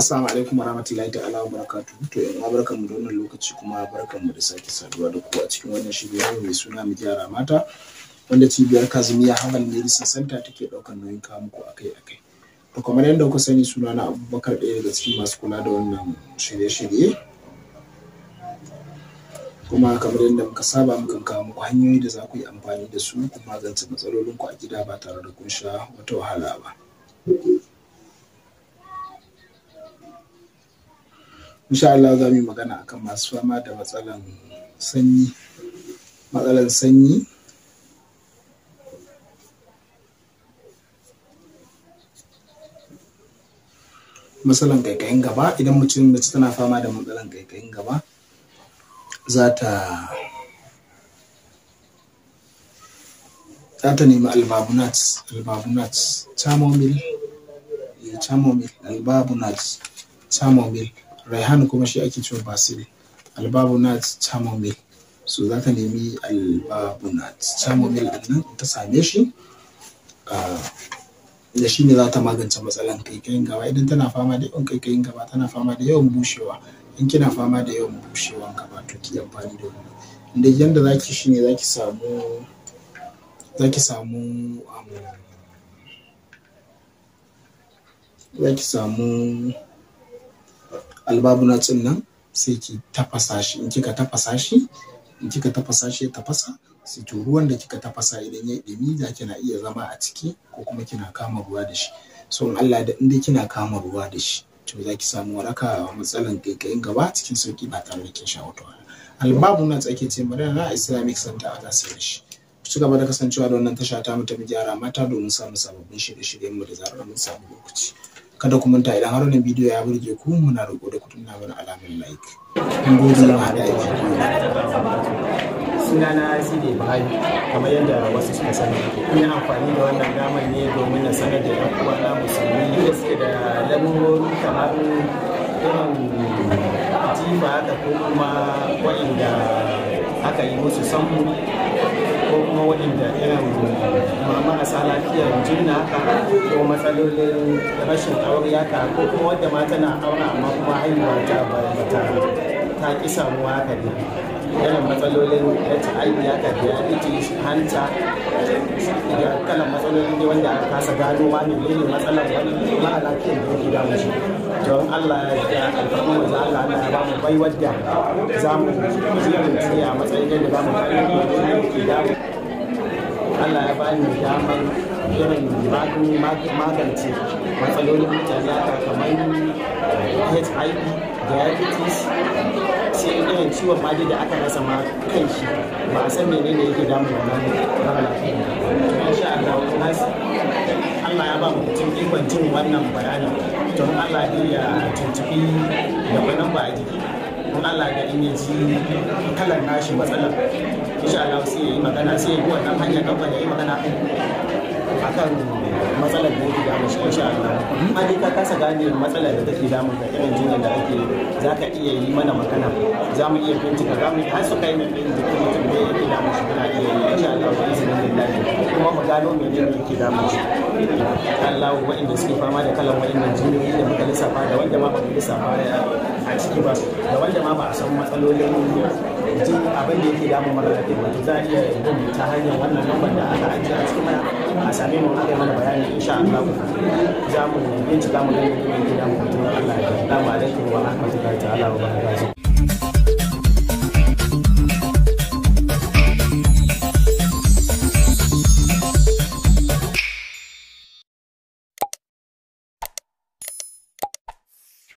Assalamu alaikum warahmatullahi ta'ala wa barakatu. To yan barkan mu da wannan lokaci kuma barkan mu da sake saduwa da ku a cikin wannan shirin mai suna mu gyara mata wanda cibiyar Kazumiya Hamal Medicine Center take daukar nauyin kawo muku akai-akai. To kamar yadda kuka sani suna na Abubakar ɗaya daga cikin masu kula da wannan shirye-shirye. Kuma kamar yadda muka saba muka kawo muku hanyoyi da za ku yi amfani da su ku magance ku a gida ba tare da kun sha wata wahala ba. insha Allah za mu yi magana akan masu fama da matsalan sanyi matsalan sanyi matsalan kaikayin gaba idan mutum mace tana fama da matsalan kaikayin gaba za ta za ta nemi albabunat albabunat chamomil eh, chamomil albabunat chamomil raihan kuma shi ake cewa basiri na chamomile so za ta nemi albabunat chamomile din nan ta same shi ah, da shi ne za ta magance matsalan kaikayin gaba idan tana fama da yawan kaikayin gaba tana fama da yawan bushewa in kina fama da yawan bushewan gaba to ki amfani da wannan inda yanda za ki shi ne za ki samu za ki samu um, za ki samu Albabuna din sai ki tafasa shi in kika tafasa shi in kika tafasa shi ya tafasa sai to ruwan da kika tafasa idan ya dumi za na iya zama a ciki ko kuma kina kama ruwa da shi so in Allah da inda kina kama ruwa da shi to za ki samu waraka a matsalan kaikayin gaba cikin sauki ba tare da kin sha wata wahala albabu tsake ce mu rana islamic center a za da shi Su gaba da kasancewa da wannan tasha ta mu ta gyara mata domin samun sababbin shirye-shiryen mu da zarar mun samu lokaci kada ku manta idan har wannan bidiyo ya burge ku muna roƙo da ku tunna mana alamar like kun gode mu hada aiki sunana sidi bahari kamar yadda wasu suka sani ina amfani da wannan damar ne domin na sanar da yan uwa na musulmi da suke da lamurori kamar irin jifa haka ko kuma da aka yi musu samu. kuma waɗanda irin marasa lafiyar jinna ka ko matsalolin rashin aure ka ko kuma wadda mata na aure amma kuma haihuwa ta bata ta ki samu haka ne irin matsalolin HIV haka diabetes hanta da kalan matsalolin ne wanda aka kasa gano ma ne ne matsalar wani ma lafiyar da yake damu shi don Allah ya alfarma da Allah ya ba mu bai wadda za mu ziyarci a matsayin da ba mu kai da yake damu Allah ya bani damar irin magance matsalolin mutane haka kamar HIV diabetes sai irin ciwon ma da aka rasa ma kan shi ba a san menene yake na wannan ne ba insha Allah Allah ya ba mutum ikon jin wannan bayanin don Allah ya tuntubi da wannan ba a jiki in Allah da in yanzu kalan nashi matsalar insha Allah sai ya yi magana sai ya bi wannan hanyar kamfani ya yi magana akan matsalar da yake damu shi insha Allah amma dai ka kasa gane matsalar da take damu ka irin jinin da ake za ka iya yi mana magana za mu iya bincika za mu har su kai mai ɗin da mutum da yake damu shi kana iya yi insha Allah ba izinin lillahi kuma mu gano mene ne yake damu shi Allah wa'inda suke fama da kalan wa'innan jinyoyi da muka lissafa da wanda ma ba mu lissafa a ciki ba da wanda ma ba a san matsalolin mutum abin da yake damu mara lafiya mutum za a iya bin ta hanyar wannan lambar da aka ajiye a cikin mana a same mu aka yi mana bayani insha Allah za mu bincika mu ganin da yake damu mutum Allah ya damu alaikum wa rahmatullahi ta'ala wa barakatuh